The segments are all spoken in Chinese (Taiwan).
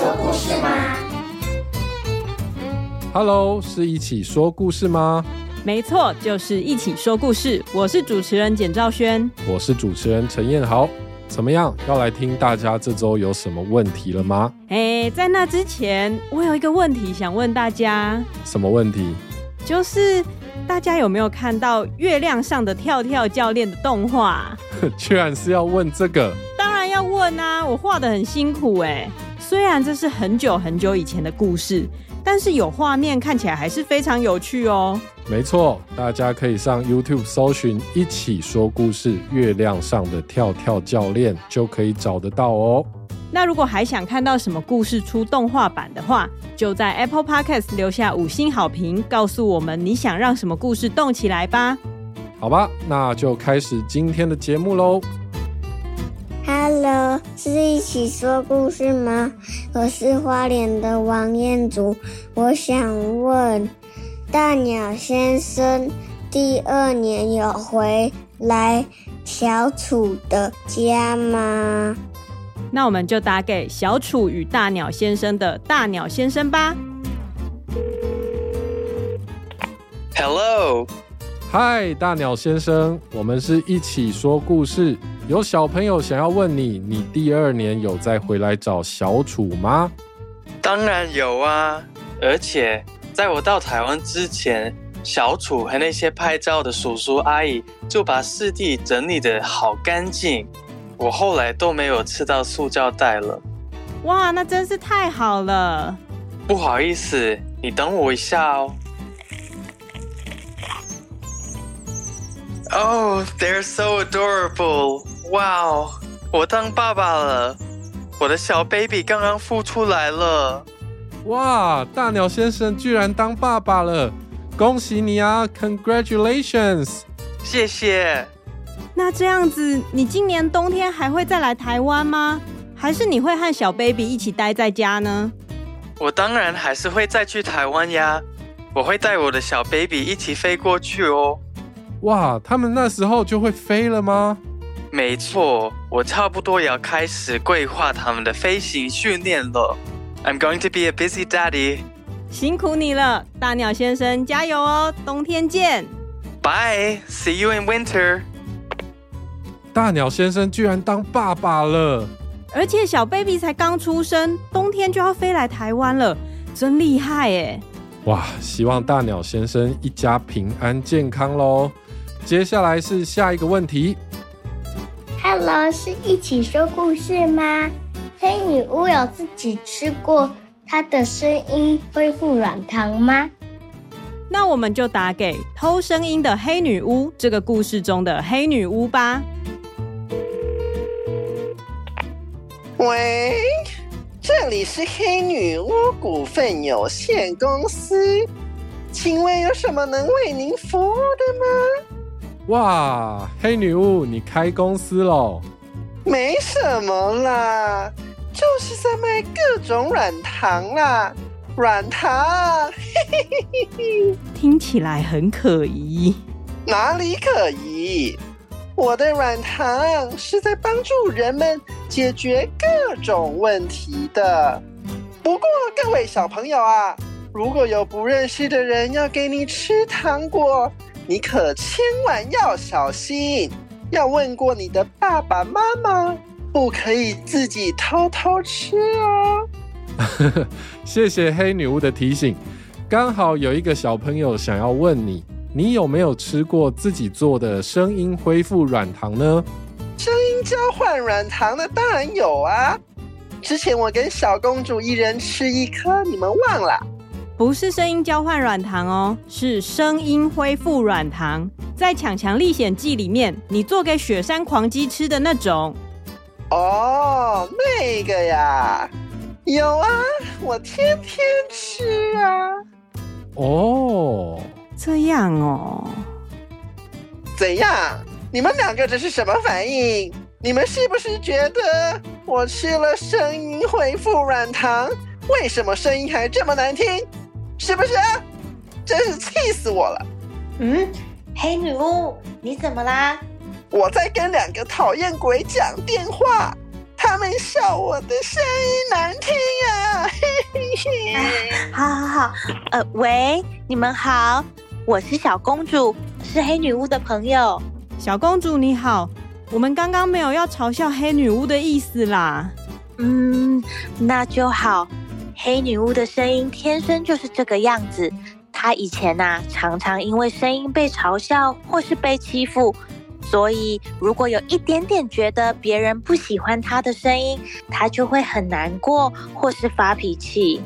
說故事嗎？Hello，是一起說故事嗎？沒錯，就是一起說故事。我是主持人簡兆軒，我是主持人陳彥豪。怎麼樣？要來聽大家這周有什麼問題了嗎？誒、欸，在那之前，我有一個問題想問大家。什麼問題？就是大家有沒有看到月亮上的跳跳教練的動畫？ 居然是要問這個。當然要問啊！我畫得很辛苦哎、欸。雖然這是很久很久以前的故事，但是有畫面看起來還是非常有趣哦。沒錯，大家可以上 YouTube 搜尋“一起說故事月亮上的跳跳教練”，就可以找得到哦。那如果還想看到什麼故事出動畫版的話，就在 Apple Podcast 留下五星好評，告訴我們你想讓什麼故事動起來吧。好吧，那就開始今天的節目嘍。是一起說故事嗎？我是花蓮的王彥祖。我想問：大鳥先生第二年有回來小楚的家嗎？那我們就打給小楚與大鳥先生的大鳥先生吧。Hello，嗨，大鳥先生，我們是一起說故事。有小朋友想要問你，你第二年有再回來找小楚嗎？當然有啊！而且在我到台灣之前，小楚和那些拍照的叔叔阿姨就把濕地整理得好乾淨，我後來都沒有吃到塑膠袋了。哇，那真是太好了！不好意思，你等我一下哦。Oh, they're so adorable. 哇哦！Wow, 我當爸爸了，我的小 baby 剛剛孵出來了。哇！大鳥先生居然當爸爸了，恭喜你啊！Congratulations！謝謝。那這樣子，你今年冬天還會再來台灣嗎？還是你會和小 baby 一起待在家呢？我當然還是會再去台灣呀，我會帶我的小 baby 一起飛過去哦。哇，他們那時候就會飛了嗎？沒錯，我差不多要開始規劃他們的飛行訓練了。I'm going to be a busy daddy。辛苦你了，大鳥先生，加油哦！冬天見。Bye, see you in winter。大鳥先生居然當爸爸了，而且小 baby 才剛出生，冬天就要飛來台灣了，真厲害耶！哇，希望大鳥先生一家平安健康囉。接下來是下一個問題。Hello，是一起說故事嗎？黑女巫有自己吃過她的聲音恢復軟糖嗎？那我們就打給偷聲音的黑女巫這個故事中的黑女巫吧。喂，這裡是黑女巫股份有限公司，請問有什麼能為您服務的嗎？哇，黑女巫，你開公司嘍？沒什麼啦，就是在賣各種軟糖啊，軟糖，嘿嘿嘿嘿嘿，聽起來很可疑。可疑？哪裡可疑？我的軟糖是在幫助人們解決各種問題的。不過，各位小朋友啊，如果有不認識的人要給你吃糖果，你可千萬要小心，要問過你的爸爸媽媽，不可以自己偷偷吃啊！ 謝謝黑女巫的提醒。剛好有一個小朋友想要問你，你有沒有吃過自己做的聲音恢復軟糖呢？聲音交換軟糖的當然有啊！之前我跟小公主一人吃一顆，你們忘了。不是聲音交換軟糖哦，是聲音恢復軟糖。在《強強歷險記》裡面，你做給雪山狂雞吃的那種。哦，oh, 那個呀，有啊，我天天吃啊。哦，oh. 這樣哦。怎樣？你們兩個這是什麼反應？你們是不是覺得我吃了聲音恢復軟糖，為什麼聲音還這麼難聽？是不是啊？真是氣死我了！嗯，黑女巫，你怎麼啦？我在跟兩個討厭鬼講電話，他們笑我的聲音難聽啊。嘿嘿嘿。好好好，呃，喂，你們好，我是小公主，是黑女巫的朋友。小公主你好，我們剛剛沒有要嘲笑黑女巫的意思啦。嗯，那就好。黑女巫的聲音天生就是這個樣子。她以前啊，常常因為聲音被嘲笑或是被欺負，所以如果有一點點覺得別人不喜歡她的聲音，她就會很難過或是發脾氣。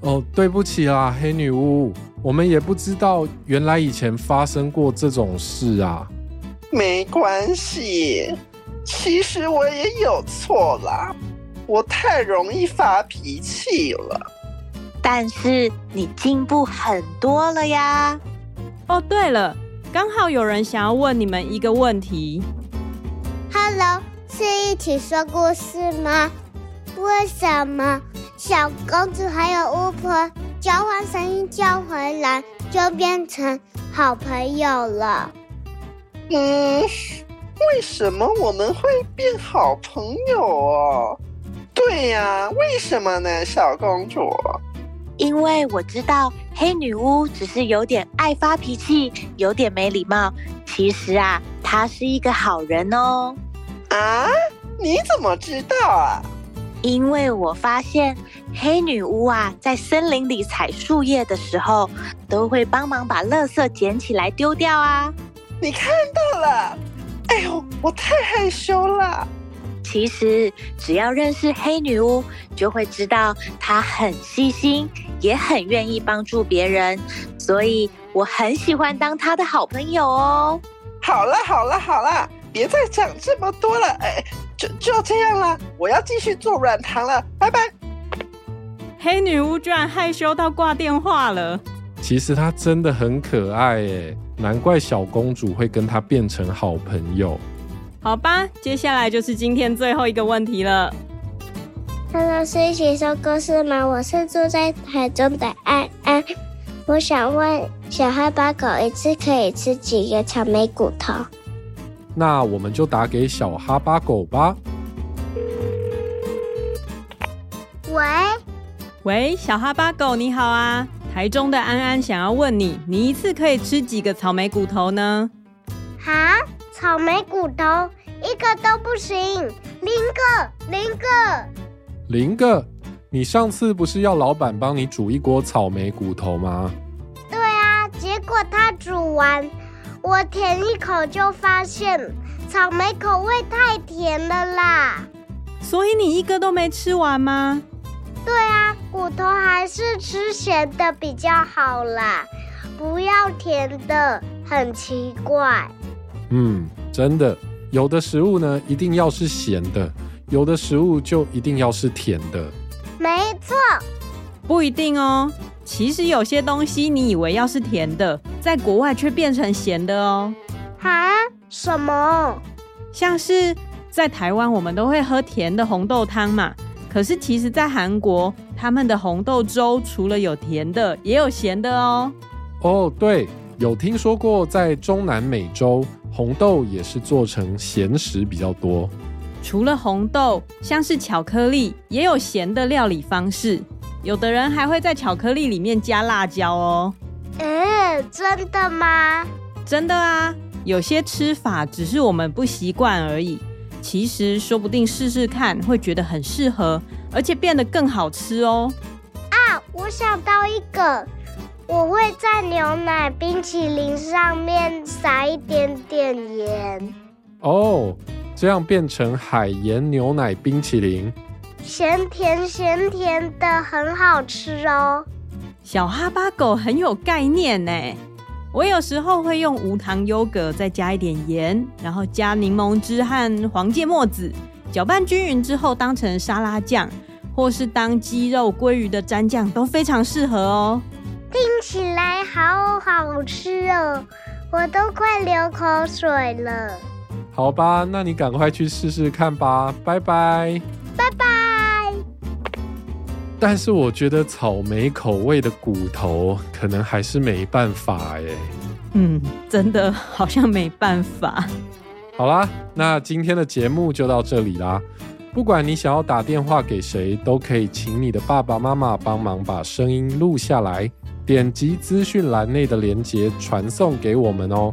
哦，對不起啦、啊，黑女巫，我們也不知道原來以前發生過這種事啊。沒關係，其實我也有錯啦。我太容易發脾氣了，但是你進步很多了呀！哦，對了，剛好有人想要問你們一個問題。Hello，是一起說故事嗎？為什麼小公主還有巫婆交換聲音叫回來，就變成好朋友了？嗯，為什麼我們會變好朋友哦？啊？對呀、啊，為什麼呢，小公主？因為我知道黑女巫只是有點愛發脾氣，有點沒禮貌。其實啊，她是一個好人哦。啊？你怎麼知道啊？因為我發現黑女巫啊，在森林裡採樹葉的時候，都會幫忙把垃圾撿起來丟掉啊。你看到了？哎呦，我太害羞了。其實只要認識黑女巫，就會知道她很細心，也很願意幫助別人，所以我很喜歡當她的好朋友哦。好了好了好了，別再講這麼多了，欸，就就這樣了，我要繼續做軟糖了，拜拜。黑女巫居然害羞到掛電話了，其實她真的很可愛欸，難怪小公主會跟她變成好朋友。好吧，接下來就是今天最後一個問題了。哈囉，是一起說故事是嗎？我是住在台中的安安，我想問小哈巴狗一次可以吃幾個草莓骨頭？那我們就打給小哈巴狗吧。喂喂，小哈巴狗你好啊！台中的安安想要問你，你一次可以吃幾個草莓骨頭呢？啊，草莓骨頭。一個都不行，零個，零個，零個。你上次不是要老闆幫你煮一鍋草莓骨頭嗎？對啊，結果他煮完，我舔一口就發現草莓口味太甜了啦。所以你一個都沒吃完嗎？對啊，骨頭還是吃鹹的比較好啦，不要甜的，很奇怪。嗯，真的。有的食物呢，一定要是鹹的；有的食物就一定要是甜的。沒錯，不一定哦。其實有些東西，你以為要是甜的，在國外卻變成鹹的哦。哈？什麼？像是在台灣，我們都會喝甜的紅豆湯嘛。可是其實，在韓國，他們的紅豆粥除了有甜的，也有鹹的哦。哦，對，有聽說過在中南美洲。紅豆也是做成鹹食比較多。除了紅豆，像是巧克力也有鹹的料理方式。有的人還會在巧克力裡面加辣椒哦。嗯，真的嗎？真的啊，有些吃法只是我們不習慣而已。其實說不定試試看會覺得很適合，而且變得更好吃哦。啊，我想到一個。我會在牛奶冰淇淋上面撒一點點鹽，哦，oh, 這樣變成海鹽牛奶冰淇淋，鹹甜鹹甜的，很好吃哦。小哈巴狗很有概念呢。我有時候會用無糖優格，再加一點鹽，然後加檸檬汁和黃芥末籽，攪拌均勻之後當成沙拉醬，或是當雞肉、鮭魚的蘸醬都非常適合哦。聽起來好好吃哦，我都快流口水了。好吧，那你趕快去試試看吧，拜拜，拜拜。但是我覺得草莓口味的骨頭可能還是沒辦法耶。嗯，真的好像沒辦法。好啦，那今天的節目就到這裡啦。不管你想要打電話給誰，都可以請你的爸爸媽媽幫忙把聲音錄下來。點擊資訊欄內的鏈接傳送給我們哦，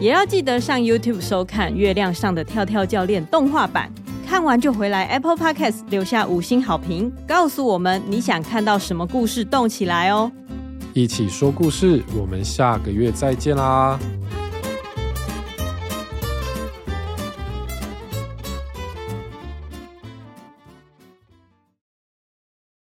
也要記得上 YouTube 收看《月亮上的跳跳教練》動畫版，看完就回來 Apple Podcast 留下五星好評，告訴我們你想看到什麼故事動起來哦！一起說故事，我們下個月再見啦！